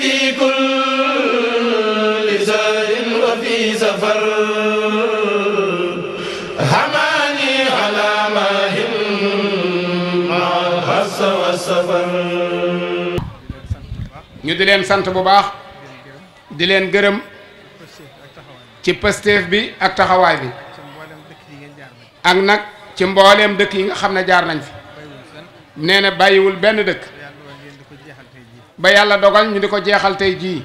في كل زار وفي سفر حماني على ماهم مع الحس والسفر ñu di leen sant bu baax di leen gërëm ci Pastef bi ak taxawaay bi ak nag ci mbooleem dëkk yi nga xam ne jaar nañ fi nee na bàyyiwul benn dëkk ba yàlla dogal ñu di ko jeexal tey jii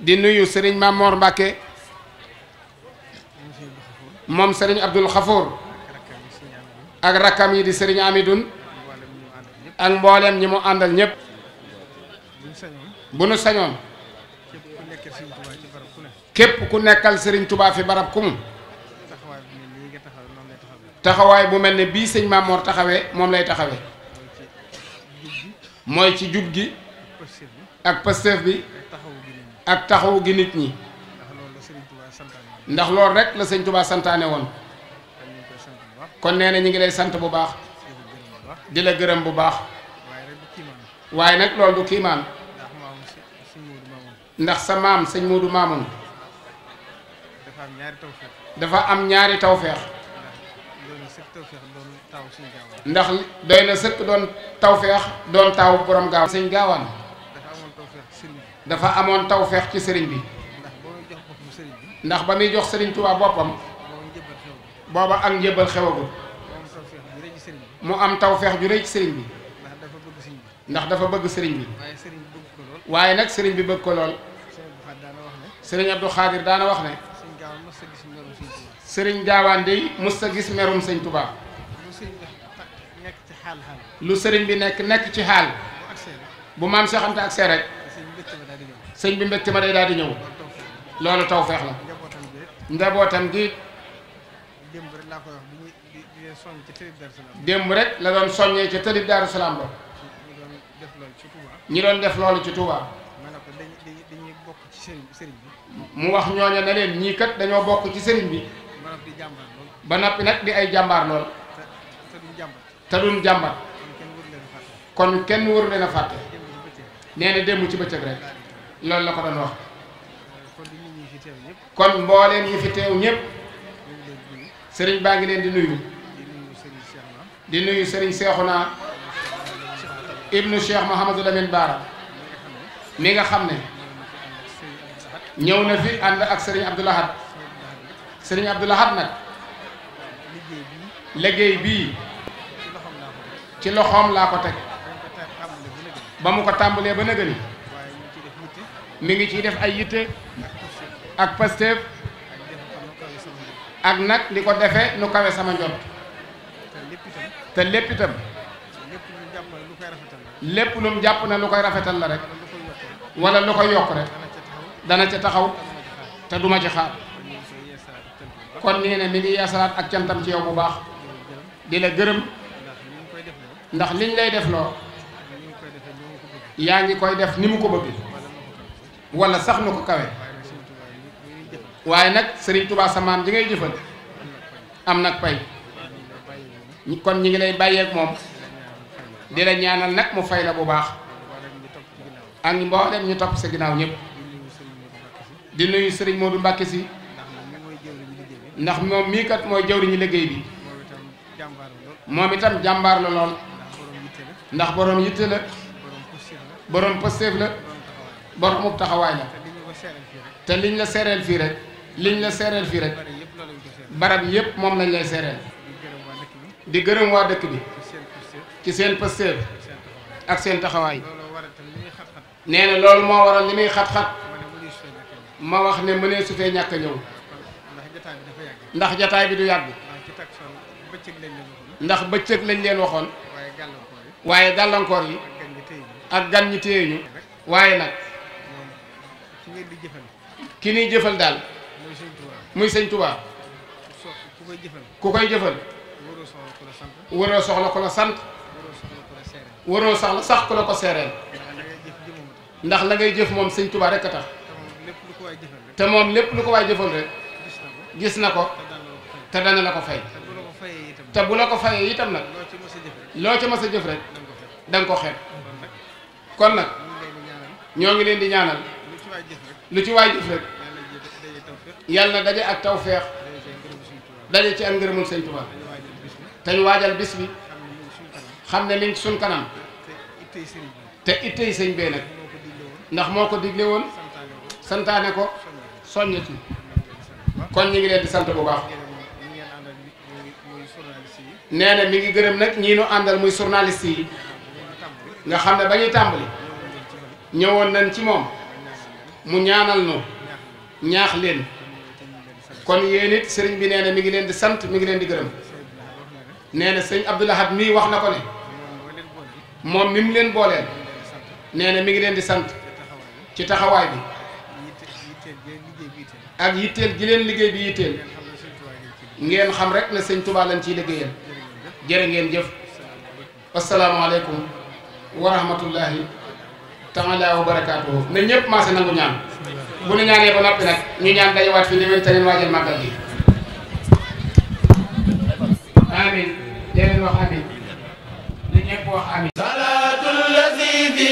di nuyu sëriñ Mamor Mbàkke moom sëriñ Abdul Xafoor ak rakkam yi di sëriñ Amidoun ak mboolem ñi mu àndal ñëpp bu nu sañoon képp ku nekkal sëriñ Touba fi barab ku mu taxawaay bu mel ne bii sëñ Mamor taxawee moom lay taxawe mooy ci jub gi ak pasteef bi ak taxawu gi nit ñi ndax loolu rek la sëñ Tuubaa santaane woon kon nee na ñu ngi lay sant bu baax di la gërëm bu baax waaye nag loolu du kiimaan ndax sa maam sëñ Moodu Maamun dafa am ñaari tawfeex ndax doy na sëkk doon tawfeex doon taaw borom gaaw sëñ gaawaan dafa amoon tawfeex ci sëriñ bi ndax ba muy jox sëriñ Tuubaa boppam booba ak njëbal xewagul mu am tawfeex ju rëy ci sëriñ bi ndax dafa bëgg sëriñ bi waaye nag sëriñ bi bëgg ko lool سرين عبد الخادر دانا وخنا سرين جاوان دي مستقيس ميروم سين توبا لو سرين بي نك نك تي حال بو مام شيخ انت اكسي رك سرين بي مبتي ما داي دادي نيو لا نجابوتام دي dem rek la ko wax bi ni di soñ ci teub dar salam mu wax ñooña ne leen ñii kat dañoo bokk ci sëriñ bi ba noppi nag di ay jàmbaar lool te duñ jàmbaar kon kenn waru leen a fàtte nee na démb ci bëccëg rek loolu la ko doon wax euh, kon mbooleen ñi fi teew ñëpp sëriñ baa ngi leen di nuyu di nuyu sëriñ Seexuna ibnu Cheikh Mouhamadou Lamine Bara mi nga xam ne ñëw na fi ànd ak sëriñ Abdou Lahad Serigne Abdou Lahad nag liggéey bii ci loxoom laa ko teg ba mu ko tàmbalee ba nëgëni mi ngi ci def ay yitte ak Pastef ak nag li ko defe nu kawe sama njot te lépp itam lépp lu jàpp na lu koy rafetal la rek wala lu koy yokk rek dana ca taxaw te duma ci xaar kon nee na mi ngi yeesalaat ak cantam ci yow bu baax di la gërëm ndax liñ lay def loo yaa ngi koy def ni mu ko bëgg wala sax nu ko kawe waaye nag sëriñ tubaa sa maam ji ngay jëfal am nag pay kon ñi ngi lay bàyyeeg moom di la ñaanal nag mu fay la bu baax ak mboolem ñu topp sa ginnaaw ñëpp. di nuyu sëriñ Modou Mbacke si ndax mom mi kat mooy jawriñu liggéey bi moom itam jambar la lol ndax borom yitte la borom possible la boromub taxaway la te liñ la sérel fi rek liñ la sérel fi rek barab yépp mom lañ lay sérel di gëreum wa dëkk bi ci seen possible ak seen taxaway nee lol mo waral limay xat-xat. ma wax ne mënee su fee ñàkk a ñëw ndax jataay bi du yàgg ndax bëccëg lañ leen waxoon waaye gàllankoor yi ak gan ñi téye ñu waaye nag ki ñuy jëfal daal muy sëñ Tuubaa ku koy jëfal waroo soxla ko la sant waroo soxla sax ku la ko seereel ndax la ngay jëf moom sëñ Tuubaa rek a tax te moom lépp lu ko waay jëfal rek gis na ko te dana la ko fay te bu la ko fayee itam nag loo ca mas a jëf rek da nga ko xeeb kon nag ñoo ngi leen di ñaanal lu ci waay jëf rek yàlla na daje ak tawféex daje ci ak ngërëmul sëñ Tuubaa te ñu waajal bis bi xam ne liñ suñ kanam te ittey sëñ bee nag ndax moo ko digle woon. santaane ko soññ ci kon ñu ngi leen di sant bu baax nee na mi ngi gërëm nag ñii nu àndal muy journaliste yi nga xam ne ba ñuy tàmbali ñëwoon nañ ci moom mu ñaanal nu ñaax leen kon yéen it sëriñ bi nee na mi ngi leen di sant mi ngi leen di gërëm nee na sëriñ Abdou Lahad mii wax na ko ne moom mi mu leen booleel nee na mi ngi leen di sant ci taxawaay bi. ak yitteel ji leen liggéey bi yitteel ngeen xam rek ne sëñ Tuubaa lañ ciy liggéeyal ngeen jëf asalaamaaleykum wa rahmatullahi taala wa barakaatuhu ne ñëpp maase nangu ñaan bu ñu ñaanee ba noppi nag ñu ñaan dajewaat fi déwén te leen waajal màggal gi amin leen wax amin ne wax amin salaatul lazi fi